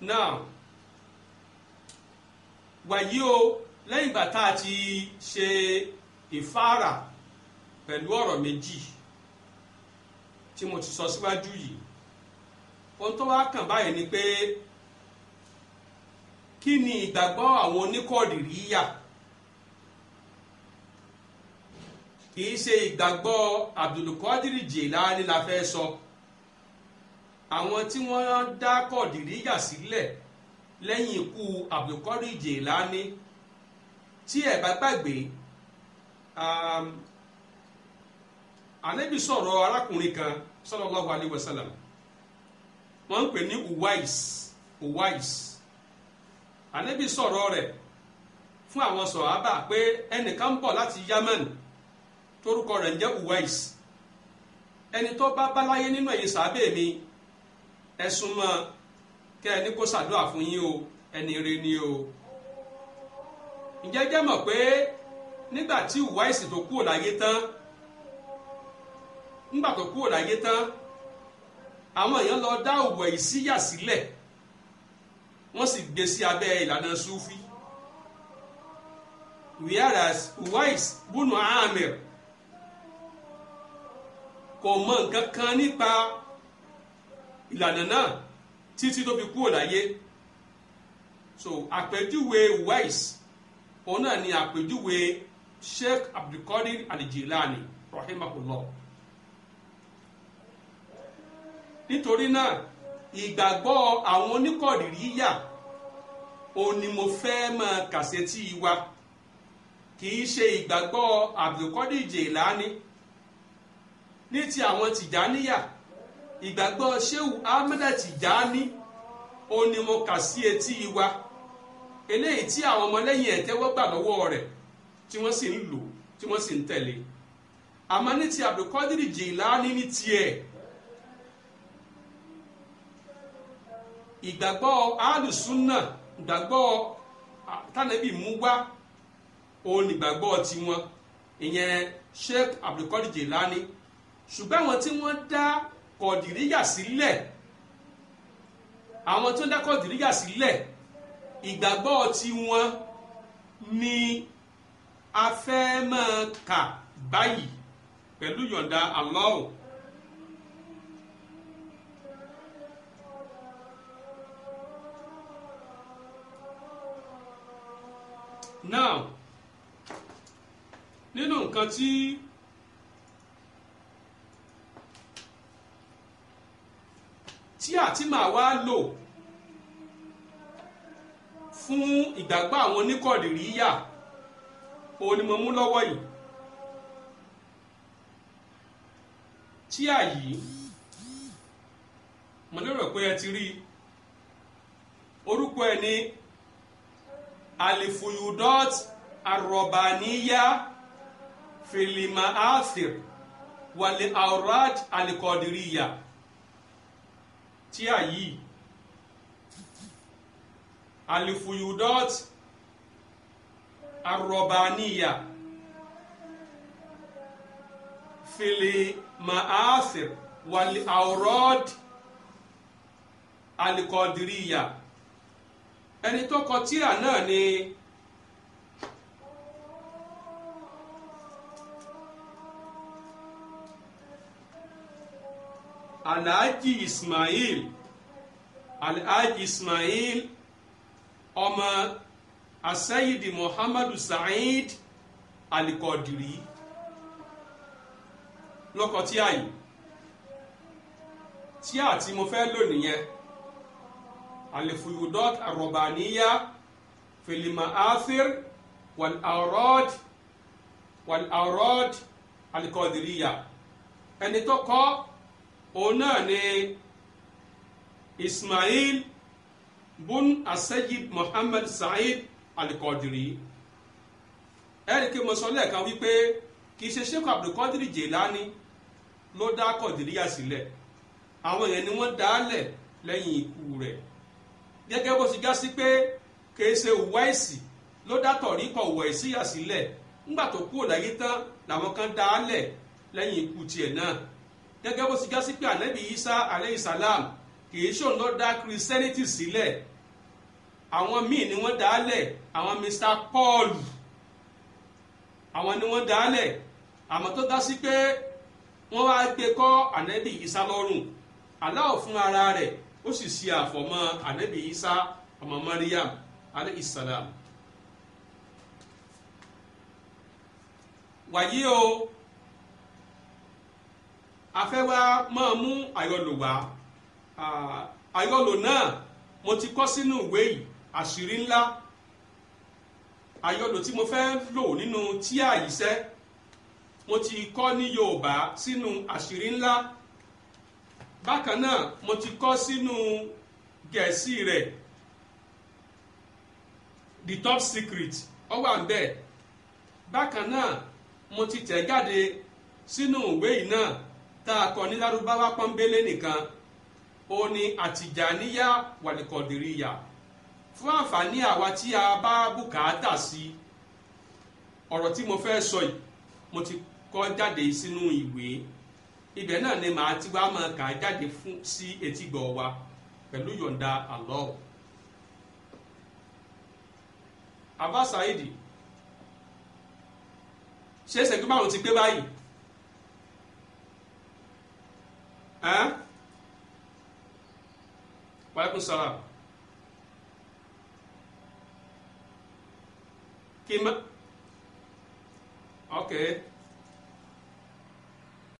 now wàyí o lẹ́yìn ìgbà tá a ti ṣe ìfáàrà pẹ̀lú ọ̀rọ̀ méjì tí mo ti sọ síwájú yìí ohun tó wá kàn báyìí ni pé kí ni ìgbàgbọ́ àwọn oníkọ̀dìríyà kì í ṣe ìgbàgbọ́ Abdulkadir Jilani la fẹ́ sọ. So àwọn tí wọ́n dá kọ̀dìríyà sílẹ̀ lẹ́yìn ikú Abdulkadir Jelani tí ẹ̀ bá gbàgbé um, ànábì sọ̀rọ̀ arákùnrin kan sallallahu alaihi wasallam wọ́n ń pè ní uwais uwais ànábì sọ̀rọ̀ rẹ̀ fún àwọn sọ̀hábà pé ẹnìkan ń bọ̀ láti Yemen torúkọ rẹ̀ ń jẹ́ uwais ẹni tó bá báláyé nínú ẹ̀yìn sàábẹ̀ mi ẹ súnmọ́ kẹ́ ẹ ní kó ṣàdúrà fún yín o ẹni rẹ ni o ǹjẹ́ jẹ́ mọ̀ pé nígbà tí Uwaisi tó kúrò láyé tán nígbà tó kúrò láyé tán àwọn èèyàn lọ dá Uwaisi yà sílẹ̀ wọ́n sì gbé sí abẹ́ ìlànà Sufi whereas Uwais bunu Amir kò mọ nǹkan kan nípa ìlànà náà títí tó fi kúrò láyé so àpèjúwe wise òun náà ni àpèjúwe Sheikh Abdulkadir Alijilani rahimahullah nítorí náà ìgbàgbọ́ àwọn oníkọ̀dìrí yà òun ni mo fẹ́ máa kàṣẹ́tì wa kì í ṣe ìgbàgbọ́ Abdulkadir Jilani ní ti àwọn tìjáníyà ìgbàgbọ́ Shehu Ahmed Tijani òun ni mo kà sí etí wa eléyìí tí àwọn ọmọlẹ́yìn ẹ̀ tẹ́wọ́ gbà lọ́wọ́ rẹ̀ tí wọ́n sì ń lò tí wọ́n sì ń tẹ̀lé àmọ́ ní ti Abdulkadir Jilani ní tiẹ̀ ìgbàgbọ́ alùsùnà ìgbàgbọ́ tànàbí mú wá tiwọn ìyẹn Sheikh Abdulkadir Jilani ṣùgbọ́n àwọn tí wọ́n dá kọ̀dìríyà sílẹ̀ àwọn tó ń dá kọ̀dìríyà sílẹ̀ ìgbàgbọ́ tiwọn ni a fẹ́ máa kà báyìí pẹ̀lú yọ̀ǹda Allah now nínú nǹkan tí tí àti màá wá lò fún ìgbàgbọ́ àwọn oníkọ̀dìrí yà òun ni mo mú lọ́wọ́ yìí tí àyí mo lérò pé ẹ ti rí orúkọ ẹ ní alifuyudot arobaniya filimaathir wàlẹ̀ aurad alikodiriya tíà yìí alifuyudot arọbaniya fili maasir wali aurod alikọdiriya ẹni tó kọ tíà náà alhaji ismail alhaji ismail ọmọ asayidi muhammadu saheed alikọdiri lọ́kọ̀ tí a yìí tí a ti mo fẹ́ lò nìyẹn alifuyudot arobaniya filima athir wal arod wal arod alikọdiriya ẹni tó kọ́ onaa náà Ismail bun asayid Muhammad Said Al-Qadiri ẹ̀ríkì mọ̀sánlẹ̀ kan wípé kì ṣe Sheikh Abdulkadir Jelani ló dá Kọ̀dìríyà sílẹ̀ àwọn yẹn ni wọ́n dá lẹ̀ lẹ́yìn ikú rẹ gẹ́gẹ́ bó ti já sí pé kìí ṣe Uwaisi ló dá tọ̀ríkọ̀ Uwaisiya sílẹ̀ nígbà tó kúrò láyé tán làwọn kan dá lẹ̀ lẹ́yìn ikú tiẹ̀ náà gẹ́gẹ́ bó ti já sí pé ànábì Isa alayhi salam kìí ṣòun ló dá christianity sílẹ̀ àwọn míì ni wọ́n dálẹ̀ àwọn mr paul àwọn ni wọ́n dálẹ̀ àmọ́ tó dá sí pé wọ́n wá gbé kọ́ ànábì Isa lọ́rùn Allah fún ara rẹ̀ ó sì ṣe àfọ̀mọ́ ànábì Isa ọmọ Maryam alayhi salam wàyí o afẹ́wá máa mú àyọlò wá àyọlò náà mo ti kọ́ sínú ìwé yìí àṣírí ńlá àyọlò tí mo fẹ́ lò nínú tíà ìṣe mo ti kọ́ ní Yorùbá sínú àṣírí ńlá bákan náà mo ti kọ́ sínú Gẹ̀ẹ́sì rẹ̀ the top secret ó wà ń bẹ̀ bákan náà mo ti tẹ̀ jáde sínú ìwé yìí náà tá a kọ ní lárúbáwá pọ́nbélé nìkan ó ní àtìjàníyà wàlìkọ̀dìríyà fún àǹfààní àwa tí a bá bùkátà sí ọ̀rọ̀ tí mo fẹ́ sọ yìí mo ti kọ jáde sínú ìwé ibẹ̀ náà ni màá ti wá máa kà jáde fún sí etígbọ̀ wa pẹ̀lú yọ̀ǹda Allah Abba Saidi ṣé ṣẹ́jú márùn-ún ti pé báyìí Ha? Waalaikumsalam. Kim? Okay.